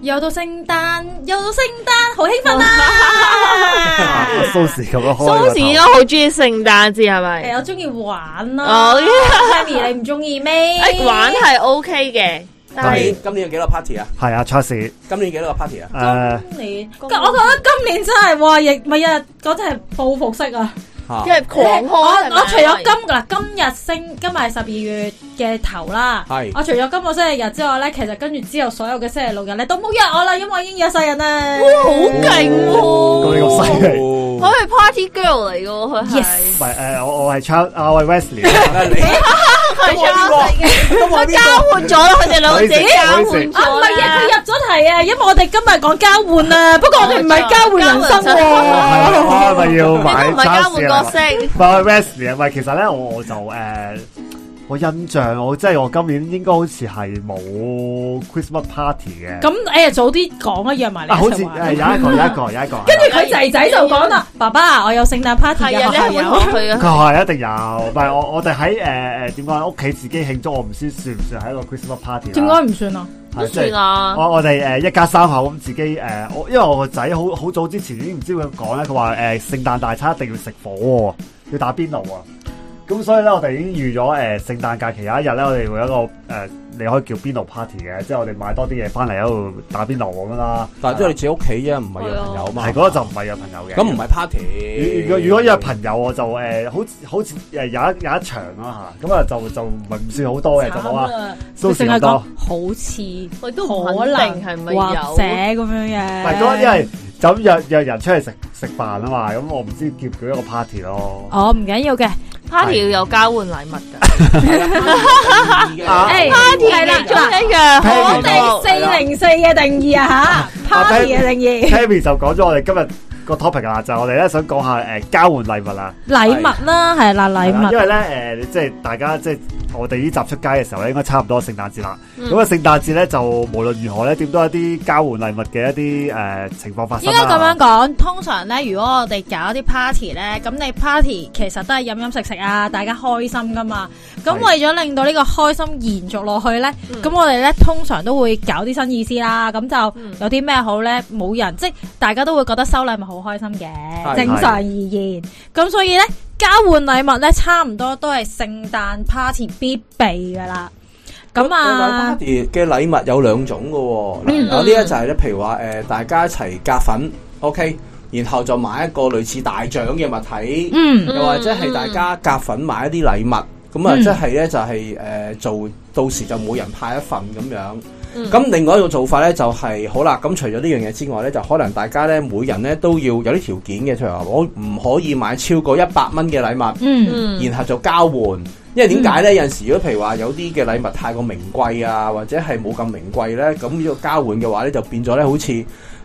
又到聖誕，又到聖誕，好興奮啊！Sosze 咁樣開，Sosze 都好中意聖誕節係咪？誒、哎，我中意玩啦、啊、，Sandy、oh, yeah. 你唔中意咩？玩係 OK 嘅，但係是今年有幾多 party 啊？係啊，初 四，今年幾多個 party 啊？今年，我覺得今年真係哇，亦唔係啊，嗰啲係報復式啊，因為狂開，我，是是我除咗今嗱今日升，今日係十二月。 嘅頭啦，我除咗今個星期日之外咧，其實跟住之後所有嘅星期六日你都冇約我啦，因為我已經約晒人啦。哇，好勁！佢又犀利，佢係 Party Girl 嚟噶，佢係。唔係誒，我我係 Charles 我係 Wesley。你係 Charles 交換咗啦，佢哋兩個自己交換啊，唔係啊，佢入咗題啊，因為我哋今日講交換啊，不過我哋唔係交換身份啊，我我要買。唔係交換角色，我唔係，其實咧，我就誒。我印象我即係我今年應該好似係冇 Christmas party 嘅。咁誒、欸、早啲講一約埋你。好似誒有一個有一個有一個。跟住佢仔仔就講啦，對爸爸，我有聖誕 party 啊，係咪佢係一定有，唔係我我哋喺誒誒點講？屋、呃、企自己慶祝，我唔知算唔算係一個 Christmas party。點解唔算啊？唔是算啊？我我哋誒、呃、一家三口咁自己誒，我、呃、因為我個仔好好早之前已經唔知點講咧，佢話誒聖誕大餐一定要食火鍋，要打邊爐啊。咁所以咧，我哋已經預咗誒，聖、呃、誕假期有一日咧，我哋會有一個誒、呃，你可以叫邊爐 party 嘅，即係我哋買多啲嘢翻嚟喺度打邊爐咁啦。但係即係你住屋企啫，唔係約朋友嘛？係嗰對、哦、吧個就唔係約朋友嘅。咁唔係 party 如。如如果約朋友，我就誒、呃，好好似誒、呃，有一有一場咯吓。咁啊，就就唔係唔算好多嘅，就好啊，都算係多。多好似，我都可能係咪有？或者咁樣嘅。唔係嗰個、就是，因為就約約人出去食食飯啊嘛。咁、嗯、我唔知叫唔叫一個 party 咯。哦，唔緊要嘅。party 要有交換禮物噶，哎，party 係啦，一樣，我哋四零四嘅定義啊，哈，party 嘅定義，Tammy 就講咗我哋今日。個 topic 啦，就我哋咧想講下誒交換禮物啦，禮物啦，禮物是啦係啦禮物，因為咧誒、呃、即係大家即係我哋呢集出街嘅時候咧，應該差唔多聖誕節啦。咁啊聖誕節咧就無論如何咧，點都有一啲交換禮物嘅一啲誒情況發生。應該咁樣講，通常咧如果我哋搞一啲 party 咧，咁你 party 其實都係飲飲食食啊，大家開心噶嘛。咁為咗令到呢個開心延續落去咧，咁、嗯、我哋咧通常都會搞啲新意思啦。咁就有啲咩好咧？冇人即係大家都會覺得收禮物好。好開心嘅，的正常而言，咁的所以咧交換禮物咧，差唔多都係聖誕 party 必備噶啦。咁那啊，聖誕 party 嘅禮物有兩種噶、哦，嗱、mm，有啲呢就係、是、咧，譬如話誒、呃，大家一齊夾份，OK，然後就買一個類似大獎嘅物體，嗯、mm，hmm. 又或者係大家夾份買一啲禮物，咁啊、mm，即係咧就係、就、誒、是就是呃，做到時就每人派一份咁樣。咁另外一個做法咧，就係、是、好啦。咁除咗呢樣嘢之外咧，就可能大家咧，每人咧都要有啲條件嘅，譬如話我唔可以買超過一百蚊嘅禮物，嗯、然後就交換。嗯、因為點解咧？嗯、有陣時如果譬如話有啲嘅禮物太過名貴啊，或者係冇咁名貴咧，咁呢個交換嘅話咧，就變咗咧，好似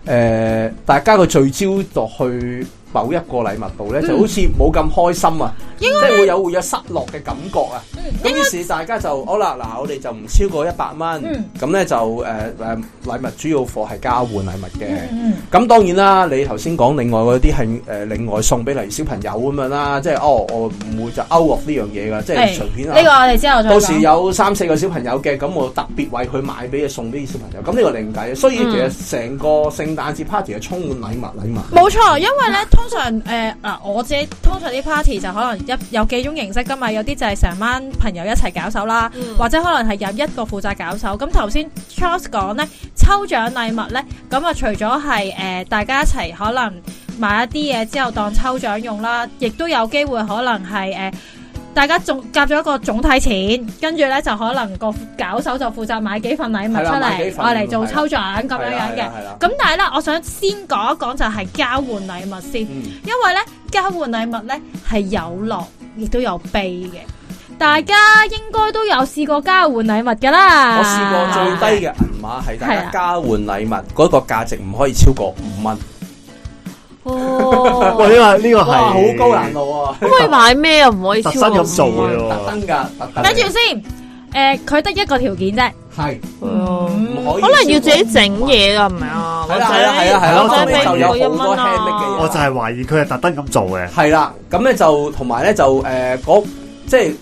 誒大家個聚焦度去某一個禮物度咧，就好似冇咁開心啊，即係會有會有失落嘅感覺啊。咁於是大家就好啦，嗱我哋就唔超過一百蚊，咁咧就誒誒禮物主要貨係交換禮物嘅。咁當然啦，你頭先講另外嗰啲係誒另外送俾例如小朋友咁樣啦，即係哦我唔會就 out 呢樣嘢噶，即係隨便啊。呢個我哋之後到時有三四個小朋友嘅，咁我特別為佢買俾佢送俾啲小朋友。咁呢個另計啊。所以其實成個聖誕節 party 係充滿禮物禮物。冇錯，因為咧。通常誒嗱、呃，我自己通常啲 party 就可能一有幾種形式㗎嘛，有啲就係成班朋友一齊搞手啦，嗯、或者可能係有一個負責搞手。咁頭先 Charles 講呢，抽獎禮物呢，咁啊除咗係誒大家一齊可能買一啲嘢之後當抽獎用啦，亦都有機會可能係誒。呃大家仲夾咗一個總體錢，跟住呢就可能個搞手就負責買幾份禮物出嚟，我嚟做抽獎咁的樣樣嘅。咁但係呢，我想先講一講就係交換禮物先，嗯、因為呢，交換禮物呢係有樂亦都有悲嘅。大家應該都有試過交換禮物噶啦，我試過最低嘅銀碼係大家交換禮物嗰的的、嗰個價值唔可以超過五蚊。哦，喂，呢個呢個係好高難度啊！可以買咩啊？唔可以特登咁做嘅特登噶。等住先，誒，佢得一個條件啫，係，唔可以，可能要自己整嘢啊，唔係啊？係啦係啦係啦，我聽呢度有好多聽咩嘅人，我就係懷疑佢係特登咁做嘅。係啦，咁咧就同埋咧就誒，嗰即係誒誒，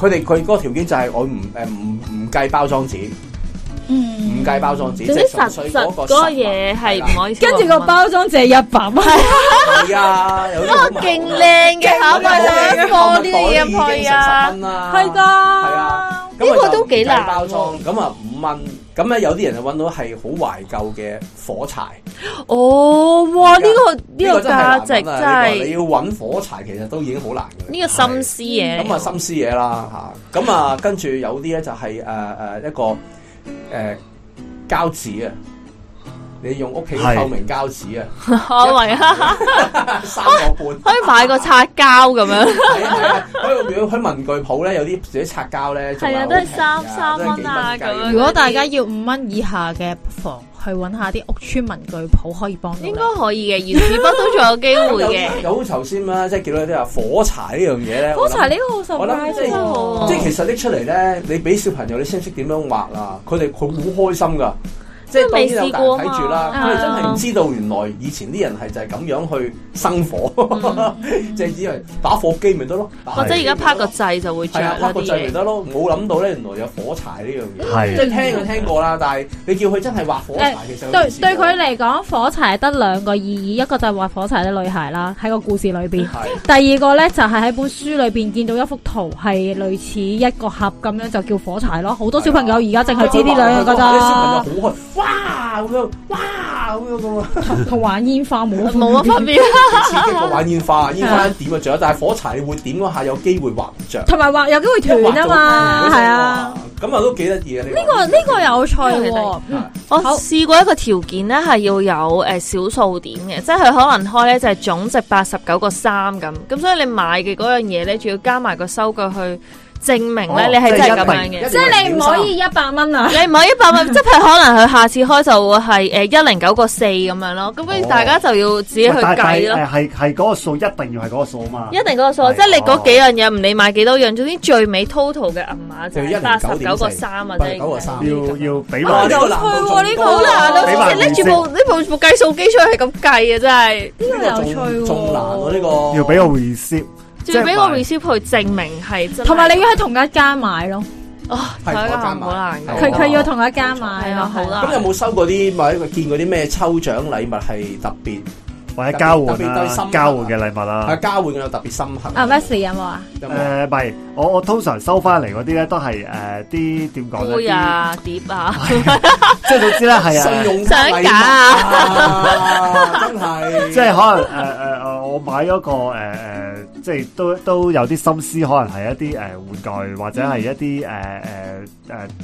佢哋佢嗰個條件就係我唔誒唔唔計包裝紙。唔計包裝紙，總之實實嗰嘢係唔可以。跟住個包裝就係一百蚊。係啊，呢個勁靚嘅巧克力，放啲嘢入去啊，係噶，係啊，呢個都幾難包裝。咁啊五蚊，咁咧有啲人就搵到係好懷舊嘅火柴。哦，哇，呢個呢個價值真係你要搵火柴，其實都已經好難。呢個心思嘢，咁啊心思嘢啦吓。咁啊跟住有啲咧就係誒誒一個。誒，膠、呃、紙啊，你用屋企透明膠紙啊，可圍啊， 三個半 可以買個擦膠咁樣、 啊，喺、啊、 文具鋪咧有啲自己擦膠咧，係啊，都係三三蚊啊，如果大家要五蚊以下嘅，不妨。去揾下啲屋村文具鋪可以幫你，應該可以嘅，原子筆都仲有機會嘅、 嗯。有頭先啦，即係見到啲話火柴呢樣嘢咧， 火柴呢個好受在、啊、即係 其實拎出嚟咧，你俾小朋友你識唔識點樣畫啊，佢哋佢好開心噶。即係未試過，睇住啦，佢真係唔知道原來以前啲人係就係咁樣去生火，即係以為打火機咪得咯，或者而家拍個掣就會著嗰啲。係啊，拍個掣咪得咯，冇諗到咧，原來有火柴呢樣嘢。係即係聽就聽過啦，但係你叫佢真係畫火柴，其實對對佢嚟講，火柴得兩個意義，一個就係畫火柴嘅女孩啦，喺個故事裏邊。第二個咧，就係喺本書裏邊見到一幅圖，係類似一個盒咁樣，就叫火柴咯。好多小朋友而家淨係知呢兩個啫。啲小朋友好哇！咁樣哇！咁樣咁同玩煙花冇冇乜分別！刺激過玩煙花，煙花點着，但係火柴你會點嗰下有機會滑唔著，同埋滑有機會斷啊嘛，係啊，咁啊都幾得意嘅。呢個呢個有趣喎，我試過一個條件咧，係要有誒小數點嘅，即係佢可能開咧就係總值八十九個三咁，咁所以你買嘅嗰樣嘢咧仲要加埋個收據去。證明咧，你係真係咁樣嘅，即係你唔可以一百蚊啊！你唔可以一百蚊，即係可能佢下次開就會係誒一零九個四咁樣咯。咁所以大家就要自己去計咯。係，係嗰個數一定要係嗰個數嘛？一定嗰個數，即係你嗰幾樣嘢唔理買幾多樣，總之最尾 total 嘅銀碼就一百九十九個三啊！真係要要俾我呢個好呢個難你拎住部呢部部計數機出去咁計啊！真係呢個有趣喎，仲難呢個要俾我回攝。就即係俾個 receipt 去證明係，同埋你要喺同一間買咯。是哦，同一間買，佢佢、哦、要同一間買常啊。好啦，咁有冇收過啲或者佢見過啲咩抽獎禮物係特別？或者交換交換嘅禮物啦、啊，交換嘅特別深刻。啊，Messy 有冇啊？誒唔係，我我通常收翻嚟嗰啲咧都係誒啲點講？杯、呃、啊、呃、些碟啊，即係總之咧係啊，信用卡啊，假啊真係是，即係可能誒誒誒，我買咗個誒誒，即、呃、係、就是、都都有啲心思，可能係一啲誒玩具，或者係一啲誒誒誒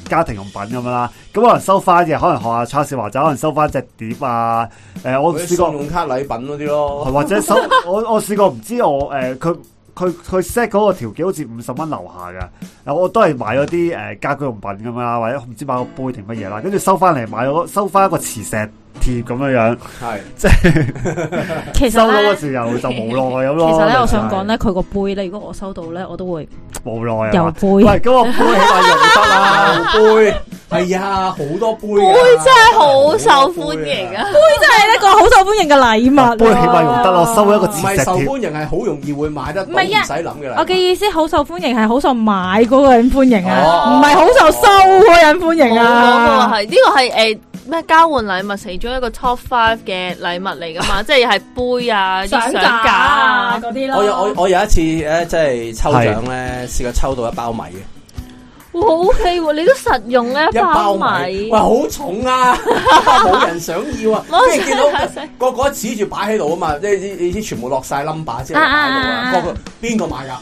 家庭用品咁樣啦。咁、嗯嗯嗯、可能收翻嘅，可能學下 Charles 或者可能收翻隻碟啊。誒、呃，我試過信用卡禮品。啲咯，或者收我我試過唔知我誒佢佢佢，set 嗰個條件好似五十蚊樓下嘅，嗱我都係買咗啲誒家居用品咁樣啦，或者唔知買個杯定乜嘢啦，跟住收翻嚟買咗收翻一個磁石貼咁樣樣，係是即係 其實收到嘅時候就無奈咁咯。 其實咧，我想講咧，佢個是杯咧，如果我收到咧，我都會。無奈啊，杯，唔係咁啊，杯起碼用得啦，杯係啊，好多杯，杯真係好受歡迎啊，杯真係一個好受歡迎嘅禮物，杯起碼用得咯，收一個。唔係受歡迎係好容易會買得，唔係，唔使諗嘅啦。我嘅意思好受歡迎係好受買嗰個人歡迎啊，唔係好受收嗰人歡迎啊。嗰個係呢個係誒。咩交換禮物始終一個 top five 嘅禮物嚟噶嘛，即係係杯啊、 相架啊嗰啲咯。我有我我有一次咧，即係抽獎咧，試是過抽到一包米嘅。哇，好氣，你都實用咧一包米。哇 米，好重啊！冇 人想要啊，即係見到個都擺都擺、啊、個指住擺喺度啊嘛，即係你啲全部落晒 number 即係擺喺度啊嘛，邊個買噶？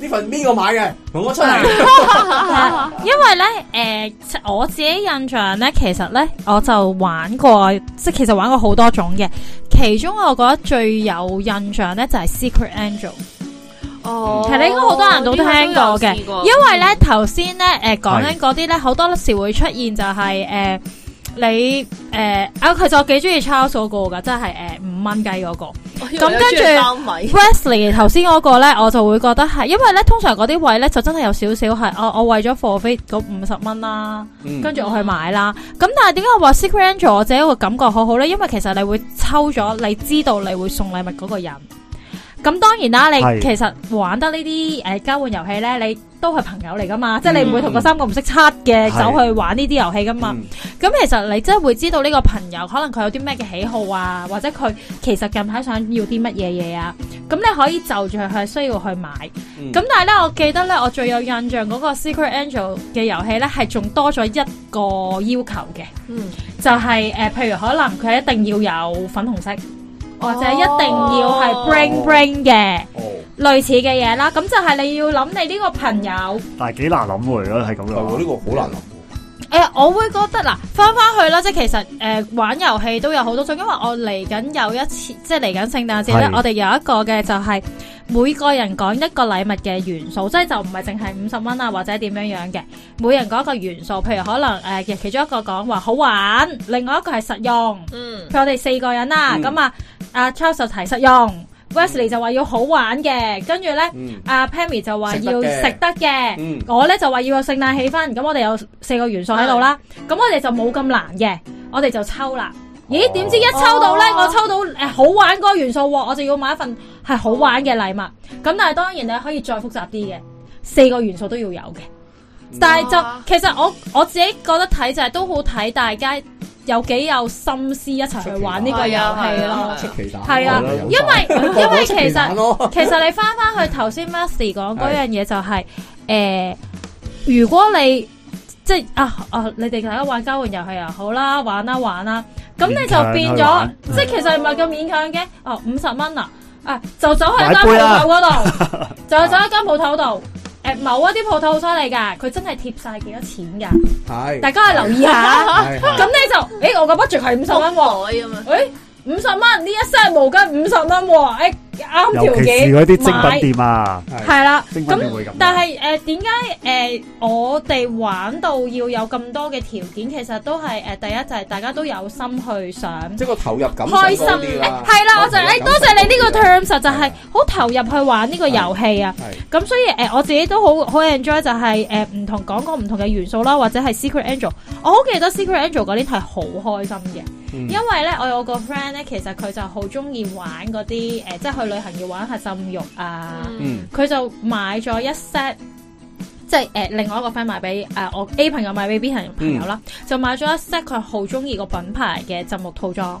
呢份邊個買嘅？同我出嚟。 因為咧，誒、呃，我自己印象咧，其實咧，我就玩過，即係其實玩過好多種嘅。其中我覺得最有印象咧，就係、是、Secret Angel。哦，其實應該好多人都聽過嘅。過因為咧，頭先咧，誒，講緊嗰啲咧，好多時會出現就係、是，誒、呃，你，誒，啊，其實我幾中意 Charles 嗰個㗎，即、就、係、是，誒、呃，五蚊雞嗰個。嗯咁跟住，Wesley 頭先嗰個咧，我就會覺得係，因為咧，通常嗰啲位咧就真係有少少係、啊，我我為咗 forfeit 嗰五十蚊啦，嗯、跟住我去買啦。咁、嗯、但係點解我話 Secret Santa，者係個感覺好好咧？因為其實你會抽咗，你知道你會送禮物嗰個人。咁當然啦，你其實玩得、呃、呢啲誒交換遊戲咧，你都係朋友嚟噶嘛，嗯、即係你唔會同個三個唔識七嘅走去玩呢啲遊戲噶嘛。咁、嗯、其實你真係會知道呢個朋友可能佢有啲咩嘅喜好啊，或者佢其實近排想要啲乜嘢嘢啊，咁你可以就住佢係需要去買。咁、嗯、但係咧，我記得咧，我最有印象嗰個 Secret Angel 嘅遊戲咧，係仲多咗一個要求嘅，嗯、就係、是、誒、呃，譬如可能佢一定要有粉紅色。或者一定要係 bling bling 嘅，類似嘅嘢啦，咁就係你要諗你呢個朋友。但係幾難諗喎，如果係咁樣，呢個好難諗。誒、哎，我會覺得嗱、啊，翻翻去啦，即係其實誒、呃、玩遊戲都有好多種，因為我嚟緊有一次，即係嚟緊聖誕節咧，是我哋有一個嘅就係每個人講一個禮物嘅元素，即係就唔係淨係五十蚊啊或者點樣樣嘅，每人講一個元素，譬如可能誒、呃、其中一個講話好玩，另外一個係實用，嗯，譬如我哋四個人啊，咁、嗯、啊，阿、啊、Charles 就提實用。Wesley 就話要好玩嘅，跟住咧，阿、嗯 uh, Pammy 就話要食得嘅，嗯、我咧就話要有聖誕氣氛。咁我哋有四個元素喺度啦，咁、嗯、我哋就冇咁難嘅，我哋就抽啦。咦？點、哦、知一抽到咧，哦、我抽到誒好玩嗰個元素，我就要買一份係好玩嘅禮物。咁、哦、但係當然你可以再複雜啲嘅，四個元素都要有嘅。但係就哇其實我我自己覺得睇就係都好睇，大家。有幾有心思一齊去玩呢個遊戲咯，係啊，啊因為因為、啊、其實其實你翻翻去頭先 Marcel 講嗰樣嘢就係誒，如果你即係啊啊，你哋大家玩交換遊戲又好啦，玩啦、啊、玩啦、啊，咁你就變咗，即係其實唔係咁勉強嘅，哦，五十蚊啊，啊就走喺間鋪頭嗰度，杯啊、 就係走一間鋪頭度。 誒、欸、某一啲鋪頭好犀利㗎，佢真係貼晒幾多錢㗎？係是，大家留意下。咁的 你就誒、欸，我個 budget 係五十蚊喎，咁啊，誒、欸。五十蚊呢一箱毛巾五十蚊喎，誒啱條件買。尤其是嗰啲精品店啊，係啦買 了。精品店會咁。但係誒，點解誒我哋玩到要有咁多嘅條件？其實都係誒、呃，第一就係大家都有心去想，即係個投入感受開心。啲啦、欸。係啦、啊，我就誒、欸、多謝你呢個 terms、啊、了就係好投入去玩呢個遊戲啊。咁對所以誒，我自己都好好 enjoy，就係誒唔同講過唔同嘅元素啦，或者係 Secret Angel，我好記得 Secret Angel 嗰年係好開心嘅。因為咧，我有個 friend 咧，其實佢就好中意玩嗰啲誒，即係去旅行要玩下浸浴啊。佢、嗯、就買咗一 set，即係誒、呃，另外一個 friend 買俾誒、呃、我 A 朋友買俾 B 朋友啦，嗯、就買咗一 set 佢好中意個品牌嘅浸浴套裝。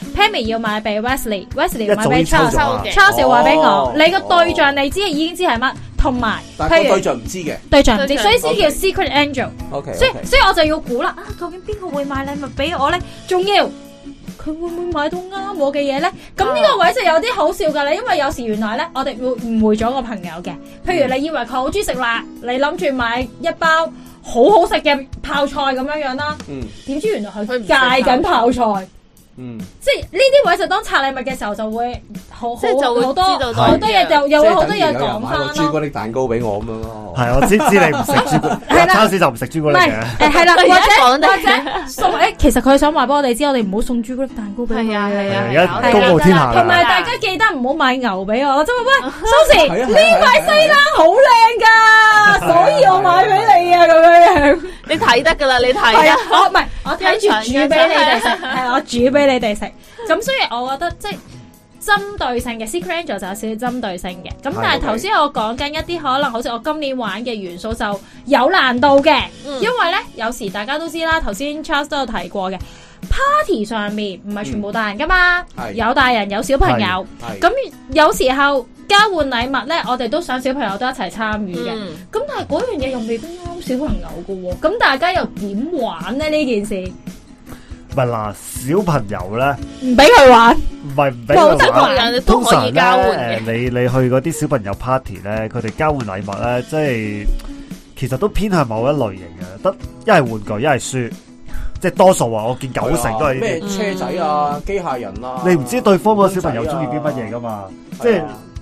Pammy 要買俾 Wesley，Wesley 要買俾 Charles，Charles 話俾我，oh，你個對象你知已經知係乜，同埋佢個對象唔知嘅對象唔知，你 Okay. 所以先叫 Secret Angel。所以所以我就要估啦，啊究竟邊個會買禮物俾我咧？仲要佢會唔會買到啱我嘅嘢咧？咁呢個位就有啲好笑噶啦，因為有時原來咧我哋會誤會咗個朋友嘅，譬如你以為佢好中意食辣，你諗住買一包好好食嘅泡菜咁樣樣啦，點、嗯、知原來佢唔戒緊泡菜。嗯，即係呢啲位就當拆禮物嘅時候就會。即係就會好多好多嘢，就有好多嘢講翻咯。係啊，朱朱古力蛋糕俾我咁樣咯。係啊，我知知你唔食朱古力，超市就唔食朱古力嘅。誒係啦，或者或者送誒，其實佢想話俾我哋知，我哋唔好送朱古力蛋糕俾佢嘅。係啊係啊，高傲天下。同埋大家記得唔好買牛俾我。喂，Sosze 呢塊西單好靚㗎，所以我買俾你啊咁樣。你睇得㗎啦，你睇啊。我唔係我睇住煮俾你哋食，係我煮俾你哋食。咁所以我覺得即係。針對性嘅，Secret Angel 就有少少針對性嘅。咁但係頭先我講緊一啲可能好似我今年玩嘅元素就有難度嘅，因為呢有時大家都知啦，頭先 Charles 都有提過嘅 Party 上面唔係全部大人噶嘛，有大人有小朋友，咁有時候交換禮物呢，我哋都想小朋友都一齊參與嘅。咁但係嗰樣嘢又未必啱小朋友㗎喎，咁大家又點玩呢呢件事？咪係嗱，小朋友咧，唔俾佢玩，唔係唔俾佢玩，玩通常咧，誒、呃，你你去嗰啲小朋友 party 咧，佢哋交換禮物咧，即係其實都偏向某一類型嘅，得一係玩具，一係書，即係多數啊，我見九成都係咩、啊、車仔啊，機、嗯、械人啊，你唔知對方個小朋友中意啲乜嘢噶嘛，啊、即係是。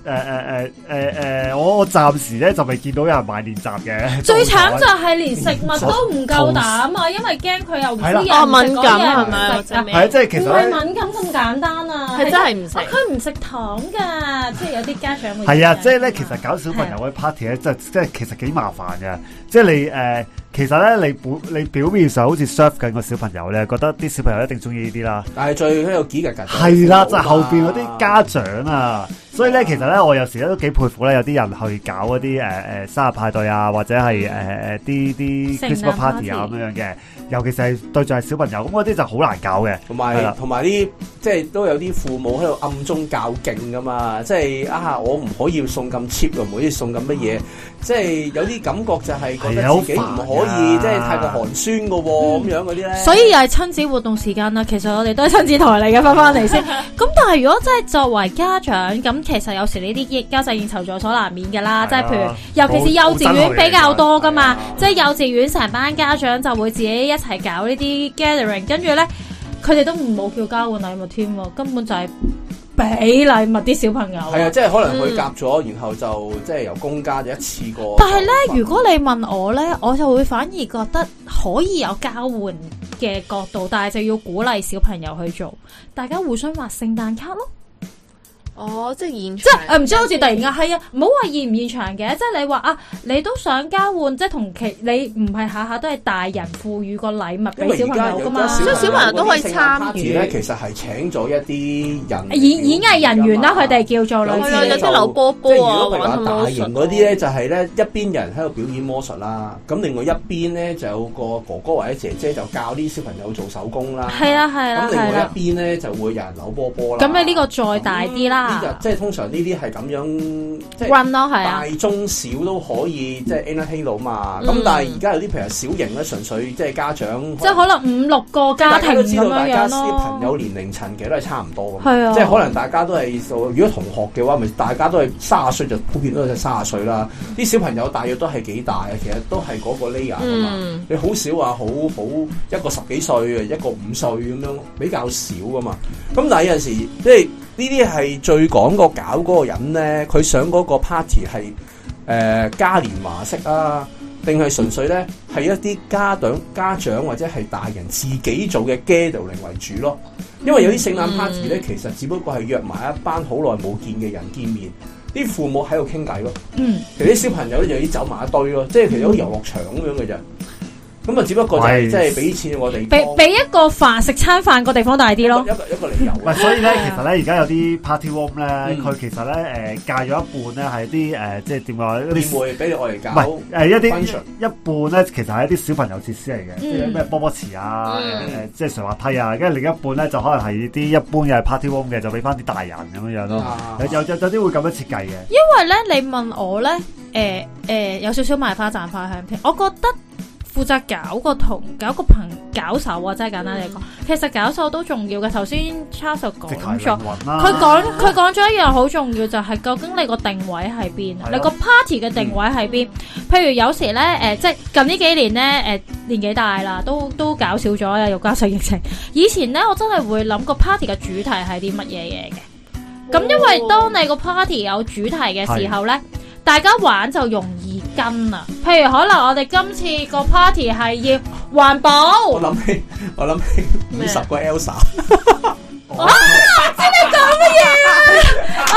誒誒誒誒誒，我我暫時咧就未見到有人買練習嘅。 最慘就係連食物都唔夠膽啊，因為驚佢又唔知食唔食嘅係咪？嗱，即係其實唔係敏感咁簡單啊，係真係唔食。佢唔食糖噶，即係有啲家長會係啊，即係咧其實搞小朋友嘅 party 咧，啊，就即係其實幾麻煩嘅。即係你誒、呃，其實咧你本你表面上好似 serve 緊個小朋友咧，覺得啲小朋友一定中意呢啲啦。但係最有幾日近係啦，就係後邊嗰啲家長啊，啊所以咧其實咧我有時咧都幾佩服咧，有啲人去搞嗰啲誒誒生日派對啊，或者係誒誒啲啲 Christmas party 啊咁樣嘅。尤其是係對住係小朋友，咁嗰啲就好難搞嘅。同埋有，同埋啲即係都有啲父母喺度暗中較勁噶嘛。即係啊，我唔可以送咁 cheap 嘅，唔可以送咁乜嘢。嗯、即係有啲感覺就係覺得自己唔可以，即係太過寒酸嘅喎，咁樣嗰啲咧。所以又係親子活動時間啦。其實我哋都係親子台嚟嘅，翻翻嚟先。咁 但係如果真係作為家長，咁其實有時呢啲交際應酬在所難免嘅啦。即係 譬如，尤其是幼，幼稚園比較多嘅嘛。即係 幼稚園成班家長就會自己一。一齊搞呢啲 gathering，跟住咧，佢哋都冇叫交換禮物添，根本就係俾禮物啲小朋友。係啊，即係可能佢夾咗，嗯、然後就即係由公家一次過就。但係咧，如果你問我咧，我就會反而覺得可以有交換嘅角度，但係就要鼓勵小朋友去做，大家互相畫聖誕卡咯。哦，即係現，即、嗯啊現，現，即係誒，唔知好似突然間係啊，唔好話現唔現場嘅，即係你話啊，你都想交換，即係同其你唔係下下都係大人賦予個禮物俾小朋友噶嘛，即係小，小朋友都可以參與咧。其實係請咗一啲人演演藝人員啦，佢哋、嗯、叫做、嗯就，有有啲扭波波啊，玩魔術。即大型嗰啲咧，就係咧一邊人喺度表演魔術啦，咁另外一邊咧就有個哥哥或者姐姐就教啲小朋友做手工啦。係啊係啊，咁、啊啊啊、另外一邊咧、啊啊、就會有人扭波波啦。咁你呢個再大啲啦。嗯即係通常呢啲係咁樣，即係、啊、大中小都可以，即、就、係、是、inner halo、ah、嘛。咁、嗯、但係而家有啲譬如小型咧，純粹即係家長，即係可能五六個家庭咁大家咯。啲朋友年齡層其實都係差唔多嘅，啊、即係可能大家都係如果同學嘅話，咪大家都係卅歲就普遍都係卅歲啦。啲小朋友大約都係幾大啊？其實都係嗰個 layer 啊嘛。嗯、你少好少話好好一個十幾歲嘅一個五歲咁樣，比較少噶嘛。咁但係有陣時即係。呢啲係最講個搞嗰個人咧，佢想嗰個 party 係誒嘉年華式啊，定係純粹咧係一啲家長家長或者係大人自己做嘅 gathering 為主咯、啊。因為有啲聖誕 party 咧，其實只不過係約埋一班好耐冇見嘅人見面，啲父母喺度傾偈咯。嗯，其實啲小朋友咧就要走埋一堆咯、啊，即係其實好似遊樂場咁樣嘅啫。咁啊，就只不過就即係俾錢我哋俾俾一個飯食餐飯個地方大啲咯一個。一個一個理由。 所以咧， 其實咧，而家有啲 party room 咧，佢、嗯、其實咧誒，介、呃、咗一半咧係啲誒，即係點講？年會俾我哋搞唔係誒，一啲、嗯、一半咧，其實係一啲小朋友設施嚟嘅，嗯、即咩波波池啊，誒、嗯呃、即係滑梯啊，跟住另一半咧就可能係啲一,一般嘅 party room 嘅，就俾翻啲大人咁樣樣咯、嗯。有有有啲會咁樣設計嘅，因為咧你問我咧誒誒有少少賣花賺花香添，我覺得。負責搞個同搞個朋搞手啊，真係簡單嚟講。嗯、其實搞手都重要嘅。頭先 Charles 講咗，佢講佢講咗一樣好重要，就係、是、究竟你個定位喺邊，嗯、你個 party 嘅定位喺邊。嗯、譬如有時咧，誒、呃，即係近呢幾年咧，誒、呃、年紀大啦，都都搞少咗啦，又加上疫情。 以前咧，我真係會諗個 party 嘅主題係啲乜嘢嘢嘅。咁、哦、因為當你個 party 有主題嘅時候咧。對大家玩就容易跟啊，譬如可能我哋今次個 party 係要環保，我諗起我諗起五十個 Elsa。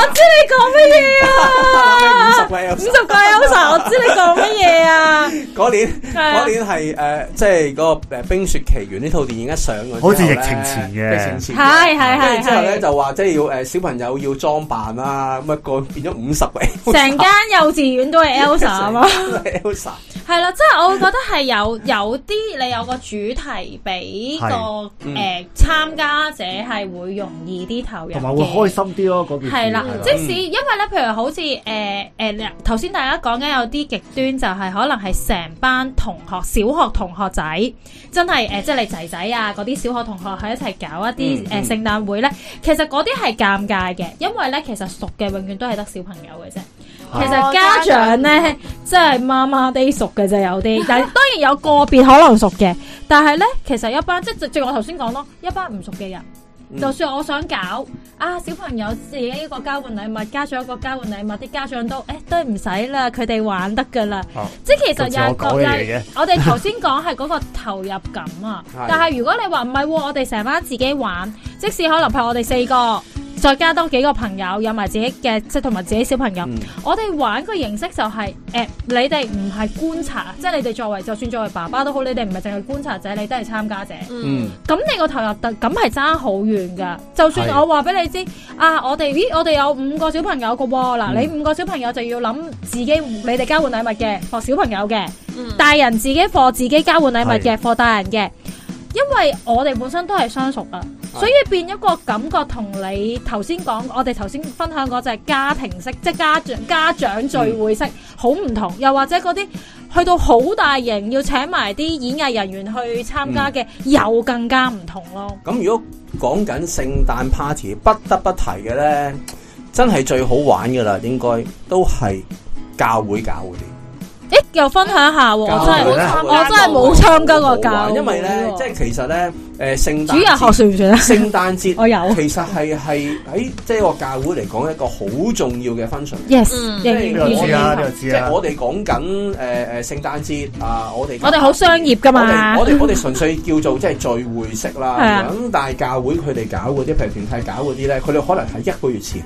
我知你講乜嘢啊？五十 個，Elsa， 我知你講乜嘢啊？嗰 年，嗰、啊、年係誒，即係嗰個誒《冰雪奇緣》呢套電影一上，好似疫情前嘅，疫情前，係係係。之後咧就話即係要誒小朋友要裝扮啊，咁、那、啊個變咗五十個，成間幼稚園都係 Elsa 啊嘛 ，Elsa。 係啦，即係我會覺得係有有啲你有個主題俾個誒參加者係會容易啲投入，同埋會開心啲咯。嗰係啦，即使因為咧，譬如好似誒誒，頭先大家講緊有啲極端，就係可能係成班同學、小學同學仔，真係誒，即係你仔仔啊嗰啲小學同學喺一齊搞一啲誒聖誕會咧。其實嗰啲係尷尬嘅，因為咧其實熟嘅永遠都係得小朋友嘅啫。其實家長咧即係媽媽啲熟。嘅就有啲，但係當然有個別可能熟嘅，但係咧，其實一班即係正如我頭先講咯，一班唔熟嘅人，嗯、就算我想搞啊，小朋友自己一個交換禮物，加上一個交換禮物，啲家長都誒、欸、都唔使啦，佢哋玩得噶啦。啊、即係其實又我講嘢我哋頭先講係嗰個投入感啊。 但係如果你話唔係，我哋成班自己玩，即使可能係我哋四個。再加多幾個朋友，有埋自己嘅，即同埋自己小朋友。嗯、我哋玩嘅形式就係、是，誒、呃，你哋唔係觀察，嗯、即係你哋作為，就算作為爸爸都好，你哋唔係淨係觀察者，你都係參加者。嗯，咁你個投入度，咁係爭好遠噶。嗯、就算我話俾你知，是的 啊，我哋咦，我哋有五個小朋友嘅喎，嗱、嗯，你五個小朋友就要諗自己，你哋交換禮物嘅，俾小朋友嘅，嗯、大人自己俾自己交換禮物嘅，俾的大人嘅。因為我哋本身都係相熟噶，的所以變咗個感覺同你頭先講，我哋頭先分享嗰隻家庭式，即係家長家長聚會式，好唔同。嗯、又或者嗰啲去到好大型，要請埋啲演藝人員去參加嘅，嗯、又更加唔同咯。咁如果講緊聖誕 party，不得不提嘅，呢，真係最好玩噶啦，應該都係教會教會又分享下喎，我真係我真係冇參加過教。因為咧，即係其實咧，誒聖誕主日學算唔算咧？聖誕節我有，其實係係喺即係個教會嚟講一個好重要嘅 function。Yes，即係我即係我哋講緊誒誒聖誕節啊！我哋我哋好商業㗎嘛？我哋我哋純粹叫做即係聚會式啦。咁但係教會佢哋搞嗰啲，譬如團體搞嗰啲咧，佢哋可能係一個月前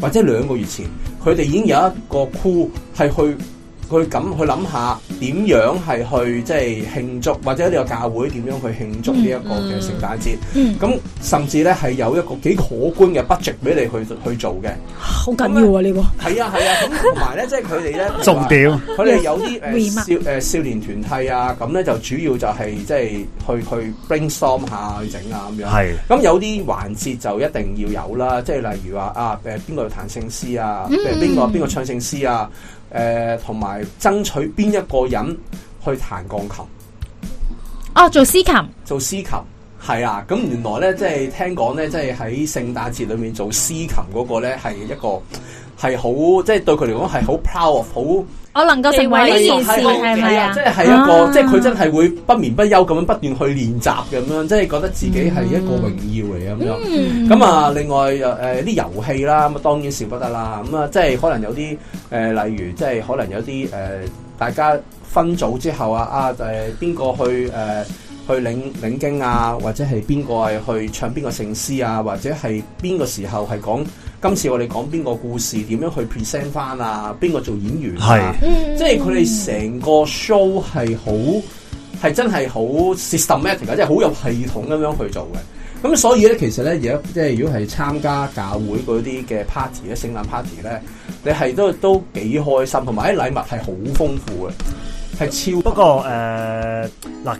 或者兩個月前，佢哋已經有一個 crew 係去。佢咁，佢諗下點樣係去即係慶祝，或者你個教會點樣去慶祝呢一個嘅聖誕節？咁甚至咧係有一個幾可觀嘅 budget 俾你去去做嘅。好緊要啊！呢個係啊係啊，咁同埋咧，即係佢哋咧重點，佢哋有啲少誒少年團體啊，咁咧就主要就係即係去去 brainstorm 下去整啊咁樣。係，咁有啲環節就一定要有啦，即係例如話啊誒邊個要彈聖詩啊，誒邊個邊個唱聖詩啊。誒，同埋、呃、爭取邊一個人去彈鋼琴？哦，oh，做司琴？做司琴係啊，咁原來咧，即、就、係、是、聽講咧，即係喺聖誕節裏面做司琴嗰個咧，係一個係好，即係、就是、對佢嚟講係好 power 好。我能夠成為呢件事係咪啊？即係一個，啊、即係佢真係會不眠不休咁樣不斷去練習咁樣，即係覺得自己係一個榮耀嚟咁樣。咁啊、嗯嗯，另外誒，啲遊戲啦，咁啊，當然少不得啦。咁、嗯、啊，即係可能有啲誒、呃，例如即係可能有啲誒、呃，大家分組之後啊啊就誒，邊、呃、個去誒、呃、去領領經啊，或者係邊個係去唱邊個聖詩啊，或者係邊個時候係講。今次我哋講邊個故事，點樣去 present 翻啊？邊個做演員啊？係是，即係佢哋成個 show 係好，係真係好 systematic 噶，即係好有系統咁樣去做嘅。咁所以咧，其實咧，而家即係如果係參加教會嗰啲嘅 party 咧，聖誕 party 咧，你係都都幾開心，同埋啲禮物係好豐富嘅。係超，不過誒嗱、呃，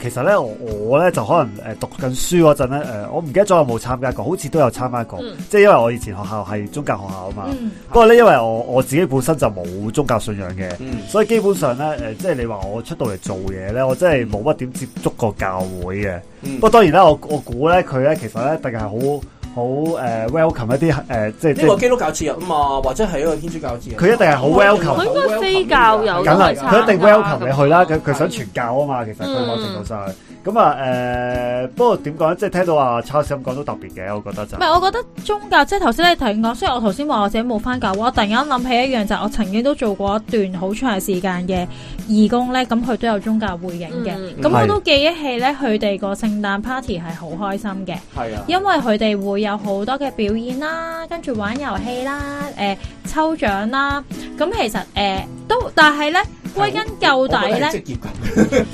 其實咧我我咧就可能誒、呃、讀緊書嗰陣咧誒，我唔記得咗有冇參加過，好似都有參加過。嗯、即係因為我以前學校係宗教學校啊嘛。嗯、不過咧，因為我我自己本身就冇宗教信仰嘅，嗯、所以基本上咧誒、呃，即係你話我出到嚟做嘢咧，我真係冇乜點接觸過教會嘅。嗯、不過當然啦，我我估咧佢咧其實咧定係好。好誒 welcome 一啲誒，即係呢個基督教節日啊嘛，或者係一個天主教節日。佢一定係好 welcome，佢應該非教友。梗係佢一定 welcome 你去啦，佢佢想傳教啊嘛，其實佢某程度上。咁啊誒，不過點講咧？即係聽到話 Charles 咁講都特別嘅，我覺得就唔係。我覺得宗教即係頭先你提講，雖然我頭先話我自己冇返教，我突然間諗起一樣就係我曾經都做過一段好長時間嘅義工咧。咁佢都有宗教背景嘅，咁我都記憶起咧，佢哋個聖誕 party 係好開心嘅，係啊，因為佢哋會有好多嘅表演啦，跟住玩遊戲啦，誒抽獎啦，咁其實誒都，但係咧歸根究底咧，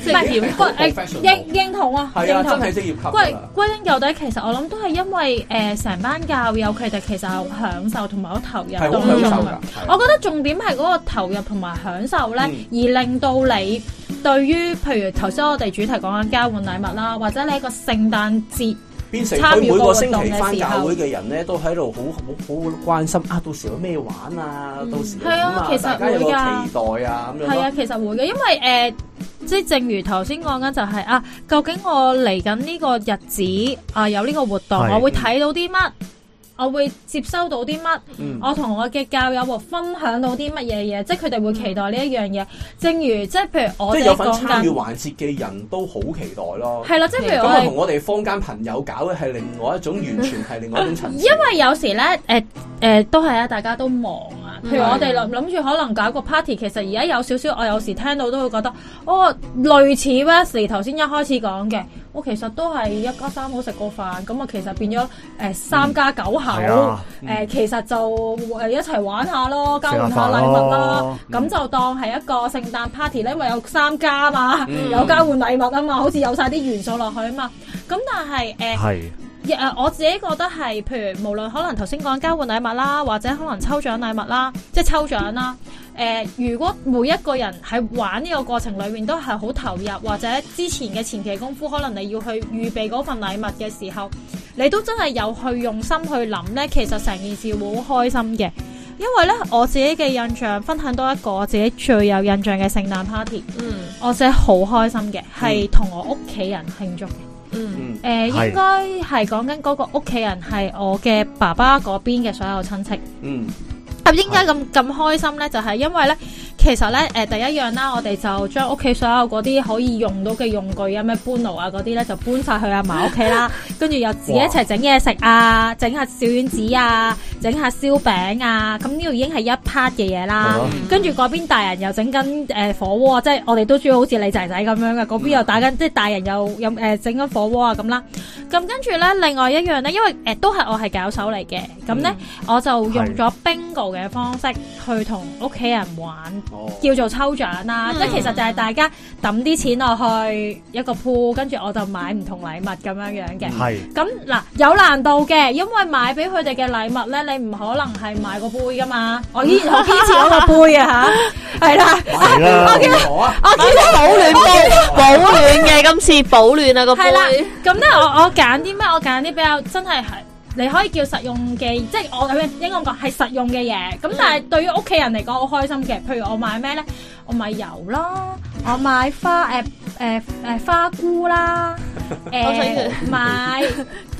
即係業餘，唔係應同啊，係啊，真係職業級啦。歸歸根究底，其實我諗都係因為誒成班教友，佢哋其實係享受同埋好投入，係好享受。我覺得重點係嗰個投入同埋享受咧，而令到你對於譬如頭先我哋主題講緊交換禮物啦，或者你一個聖誕節。變成佢每個星期翻教會嘅人咧，都喺度好好好好關心啊！到時有咩玩啊？嗯、到時咁啊，啊，其實大家有個期待啊！咁、嗯、這樣係樣啊，其實會嘅，因為誒，即、呃、係、就係、正如頭先講緊就係、是、啊，究竟我嚟緊呢個日子啊，有呢個活動，的我會睇到啲乜？嗯我會接收到啲乜？嗯、我同我嘅教友分享到啲乜嘢嘢？即係佢哋會期待呢一樣嘢。嗯、正如即係譬如我哋講嘅，有份參與環節嘅人都好期待咯。係咯，即係譬如我同、嗯、我哋坊間朋友搞嘅係另外一種完全係另外一種層次、嗯、因為有時咧，誒、呃、誒、呃、都係啊，大家都忙啊。譬如我哋諗諗住可能搞個 party，其實而家有少少，我有時聽到都會覺得，哦，類似頭先一開始講嘅。我其實都係一家三口食過飯，咁啊其實變咗誒、呃、三家九口，誒、嗯啊呃、其實就誒一齊玩一下咯，交換下禮物啦、啊，咁就當係一個聖誕 party 咧，因為有三家嘛，有交、嗯、換禮物啊嘛，好似有晒啲元素落去啊嘛，咁但係誒。我自己覺得係，譬如無論可能頭先講交換禮物啦，或者可能抽獎禮物啦，即係抽獎啦、呃。如果每一個人喺玩呢個過程裏面都係好投入，或者之前嘅前期功夫，可能你要去預備嗰份禮物嘅時候，你都真係有去用心去諗呢。其實成件事會好開心嘅，因為呢，我自己嘅印象分享多一個我自己最有印象嘅聖誕 party。嗯，我自己好開心嘅，係同、嗯、我屋企人慶祝。嗯，誒，應該係講緊嗰個屋企人係我嘅爸爸嗰邊嘅所有親戚。嗯，啊，應該咁咁開心咧，就係、是、因為咧。其實咧，誒、呃，第一樣啦，我哋就將屋企所有嗰啲可以用到嘅用具啊，咩搬爐啊嗰啲咧，就搬晒去阿嫲屋企啦。跟住 又自己一齊整嘢食啊，整下小丸子啊，整下燒餅啊。咁呢度已經係一 part 嘅嘢啦。跟住嗰邊大人又整緊誒火鍋，即係我哋都中意好似你仔仔咁樣嘅。嗰邊又打緊，嗯、即係大人又飲誒整緊火鍋啊咁啦。咁跟住咧，另外一樣咧，因為誒、呃、都係我係搞手嚟嘅，咁咧、嗯、我就用咗 bingo 嘅方式去同屋企人玩。叫做抽獎啦，即係其實就係大家抌啲錢落去一個鋪，跟住我就買唔同禮物咁樣樣嘅。係咁嗱，有難度嘅，因為買俾佢哋嘅禮物咧，你唔可能係買個杯噶嘛。我依然好堅持嗰個杯啊，吓係啦。我見到我見到保暖杯，保暖嘅今次保暖啊個係啦。咁咧我我揀啲咩？我揀啲比較真係係。你可以叫實用嘅，即係我噉樣應該講係實用嘅嘢。咁但係對於屋企人嚟講，好開心嘅。譬如我買咩咧？我買油啦，我買花誒誒誒花菇啦，我想買，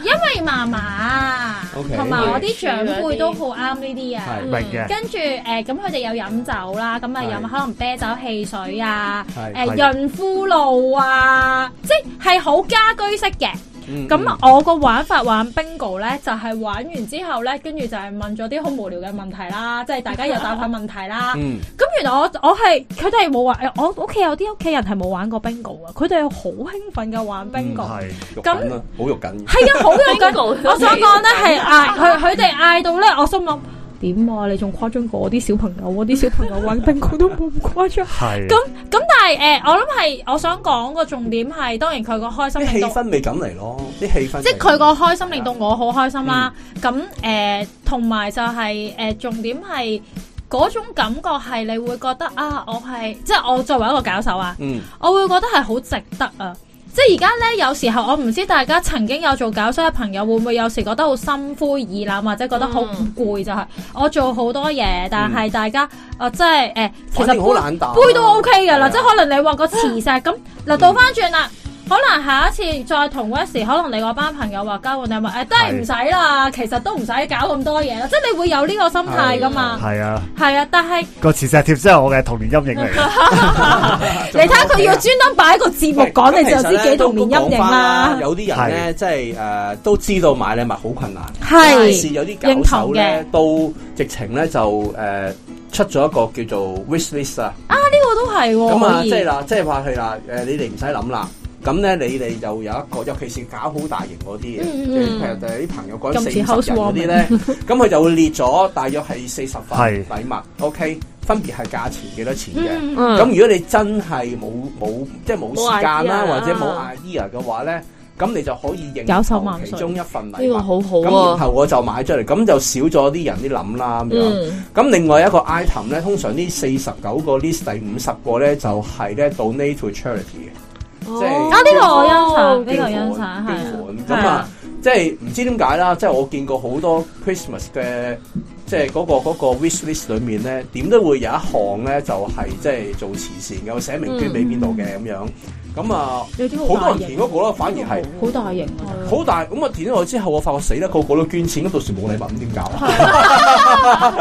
因為嫲嫲同埋我啲長輩都好啱呢啲嘢。嗯、的跟住誒，咁佢哋有飲酒啦，咁啊飲可能啤酒、汽水啊，誒的、呃、潤膚露啊，即係好家居式嘅。咁、嗯、我個玩法玩 bingo 咧，就係、是、玩完之後咧，跟住就係問咗啲好無聊嘅問題啦，即係大家又答下問題啦。咁、啊嗯、原來我我係佢哋係冇玩，我屋企有啲屋企人係冇玩過 bingo 嘅，佢哋好興奮嘅玩 bingo、嗯。係，咁好肉緊。係啊那，好肉緊。嗯、肉 我想講咧係嗌，佢佢哋嗌到咧，我心諗。點啊！你仲誇張過我啲小朋友，我啲小朋友玩定，佢 都冇咁誇張。係咁咁，但係誒、呃，我諗係我想講個重點係，當然佢個開心氣氛未感嚟咯，啲氣氛即係佢個開心令到我好開心啦、啊。咁誒、嗯，同埋、呃、就係、是、誒、呃，重點係嗰種感覺係你會覺得啊，我係即係我作為一個搞手啊，嗯、我會覺得係好值得啊。即係而家咧，有時候我唔知大家曾經有做搞收嘅朋友會唔會有時覺得好心灰意冷，或者覺得好攰就係、是、我做好多嘢，嗯、但係大家誒即係誒，呃、反正 其實好難打、啊、杯都 OK 嘅啦，是的 即係可能你話個磁石咁嗱、啊，倒翻轉啦。啊嗯可能下一次再同嗰時，可能你嗰班朋友話交換禮物，誒都係唔使啦。其實都唔使搞咁多嘢啦，即係你會有呢個心態噶嘛。係啊，係啊，但係個磁石貼真係我嘅童年陰影嚟嘅。你睇下佢要專登擺一個節目講，你就知幾童年陰影啦。有啲人咧，即係誒都知道買禮物好困難，係有啲教手咧都直情咧就誒出咗一個叫做 wish list 啊。啊，呢個都係咁啊，即係啦，即係話係啦，誒，你哋唔使諗啦。咁咧，你哋就有一個，尤其是搞好大型嗰啲嘅，即係、嗯、譬如啲朋友講四十人嗰啲咧，咁佢、嗯嗯、就會列咗大約係四十份禮物。 OK，分別係價錢幾多錢嘅。咁、嗯、如果你真係冇冇即係冇時間啦，沒 idea，或者冇 idea 嘅話咧，咁你就可以認購其中一份禮物。呢、這個好好、啊、咁然後我就買出嚟，咁就少咗啲人啲諗啦。咁樣、嗯。咁另外一個 item 咧，通常呢四十九個 list，第五十個咧，就係、是、咧 donate to charity 嘅、哦，即係。哦，捐款，咁啊，即係唔知點解啦，即係我見過好多 Christmas 嘅，即係嗰個嗰個 wish list 裏面咧，點都會有一項咧，就係即係做慈善嘅，會寫明捐俾邊度嘅咁樣。咁啊，好多人填嗰個咯，反而係好大型啊，好大。咁啊，填咗落之後，我發覺死啦，個個都捐錢，到時冇禮物咁點搞？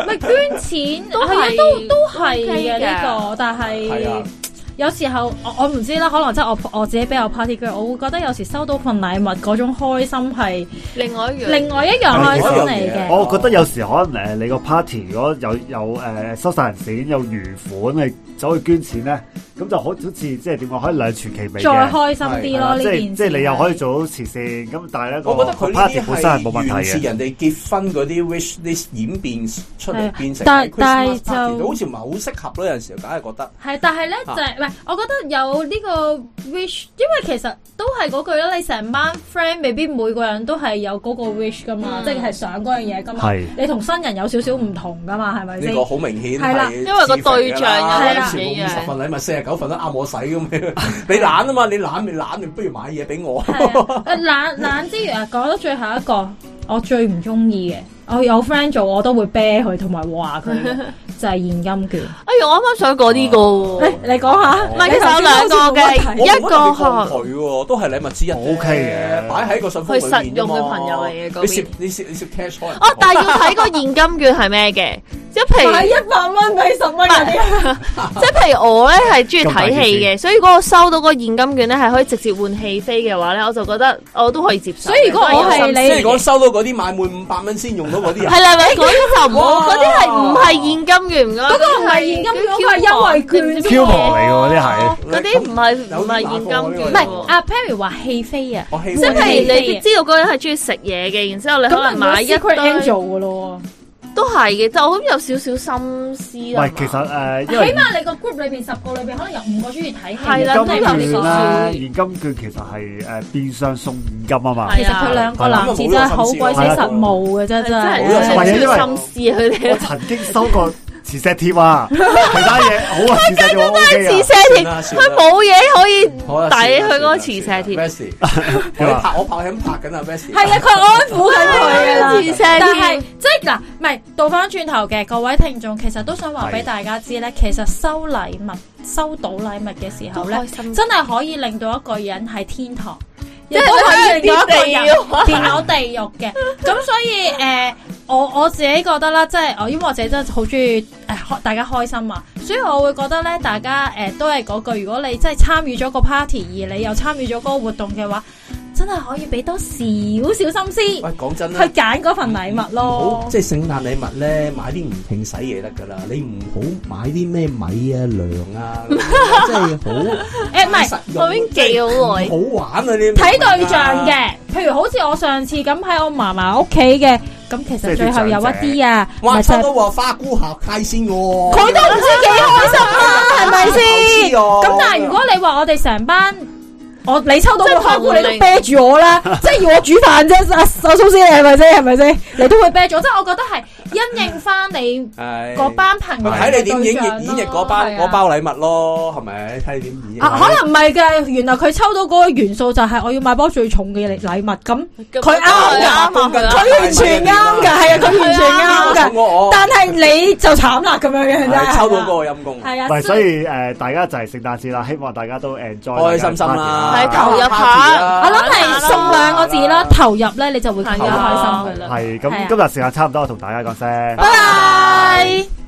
唔係捐錢都係都都係啊，呢個，但係。有時候我我唔知啦，可能即係我我自己比較 party girl，我會覺得有時收到份禮物嗰種開心係另外一樣，另外一樣開心嚟嘅。我覺得有時可能誒，你個 party 如果有有誒、呃、收晒人錢有餘款，你走去捐錢咧。咁就好好似即係點講，可以兩全其美，再開心啲咯呢件事。即係即係你又可以做好慈善，咁但係咧，我覺得佢 party 本身係冇問題嘅。原始人哋結婚嗰啲 wish list 演變出嚟變成。但但係就好似唔係好適合咯，有陣時候梗係覺得。係，但係咧就唔係，我覺得有呢個 wish，因為其實都係嗰句啦。你成班 friend 未必每個人都係有嗰個 wish 噶嘛，即係想嗰樣嘢噶嘛。係。你同新人有少少唔同噶嘛，係咪先？呢個好明顯係啦，因為個對象係啦。全部二十份禮物四廿九。份都啱我使咁 你懶啊嘛，你懶咪懶，懶，你不如買嘢俾我。 係啊，懶懶之餘啊，講到最後一個，我最唔中意嘅，我有 friend 做我都會啤佢同埋話佢。 就係現金券。哎我啱啱想講呢個，你你講下，唔係其實有兩個嘅，一個佢都係禮物之一，O K 嘅，擺喺個信封裏去實用嘅朋友嚟嘅，你折你折你折哦，但係要睇個現金券係咩嘅，即係譬如買一百蚊俾十蚊人，即係譬如我咧係中意睇戲嘅，所以如果我收到嗰個現金券咧係可以直接換戲飛嘅話咧，我就覺得我都可以接受。所以如果我係你，即係講收到嗰啲買滿五百蚊先用到嗰啲人，係啦，嗰啲就唔，嗰啲係唔係現金。嗰個唔係現金券，係優惠券啫喎，票劵嚟嘅喎嗰啲係，嗰啲唔係唔係現金券，唔係阿 Perry 話戲飛啊，即係你知道嗰人係中意食嘢嘅，然之後你可能買一單做嘅咯，都係嘅，就好有少少心思。喂，其實誒，起碼你個 group 裏邊十個裏邊可能有五個中意睇戲啦，現金券啦，現金券其實係誒變相送現金啊嘛。其實佢兩個男子真係好鬼死實務嘅，真係真係好有少少心思啊！佢哋我曾經收過。磁石貼啊，其他嘢？好啊，佢根本都係磁石貼，佢冇嘢可以抵佢嗰個磁石貼。佢拍我拍我拍緊啊，係啊，佢係安撫緊佢啊，磁石貼。但係即係嗱，唔係倒翻轉頭嘅各位聽眾，其實都想話俾大家知咧，其實收禮物，收到禮物嘅時候咧，真係可以令到一個人喺天堂，亦都可以令到一個人見到地獄嘅。咁所以誒。我我自己覺得啦，即係我，因為我自己真係好中意誒，大家開心啊，所以我會覺得咧，大家誒、呃、都係嗰句，如果你真係參與咗個 party，而你又參與咗嗰個活動嘅話，真係可以俾多少少心思。喂，講真，去揀嗰份禮物咯。即係聖誕禮物咧，買啲唔拼洗嘢得噶啦，你唔好買啲咩米啊、糧啊，即係好誒，唔係、 欸，嗰邊幾攰，好玩嗰、啊、啲，睇對象嘅，譬、啊、如好似我上次咁喺我嫲嫲屋企嘅。咁、嗯、其實最後有一啲啊，哇是！差唔話花姑合太鮮喎，佢都唔知幾開心啊，係咪先？咁、啊哦、但係如果你話我哋成班。我你抽到即係倉庫，你都啤住我啦！即係要我煮飯啫，阿 Sosze，你係咪先？係咪先？你都會啤咗，即係我覺得係因應翻你嗰班朋友睇你點演繹演繹嗰包嗰包禮物咯，係咪睇你點演？啊，可能唔係嘅，原來佢抽到嗰個元素就係我要買包最重嘅禮禮物，咁佢啱噶嘛？佢完全啱噶，係啊，佢完全啱噶。但係你就慘啦，咁樣嘅，你抽到嗰個陰功。係啊，所以誒，大家就係聖誕節啦，希望大家都 enjoy 開心心啦。係，投入下，我諗係送兩個字啦。投入咧，你就會更加開心噶啦。係咁、啊，啊啊啊啊、今日時間差唔多，同大家講聲，嗯、拜拜。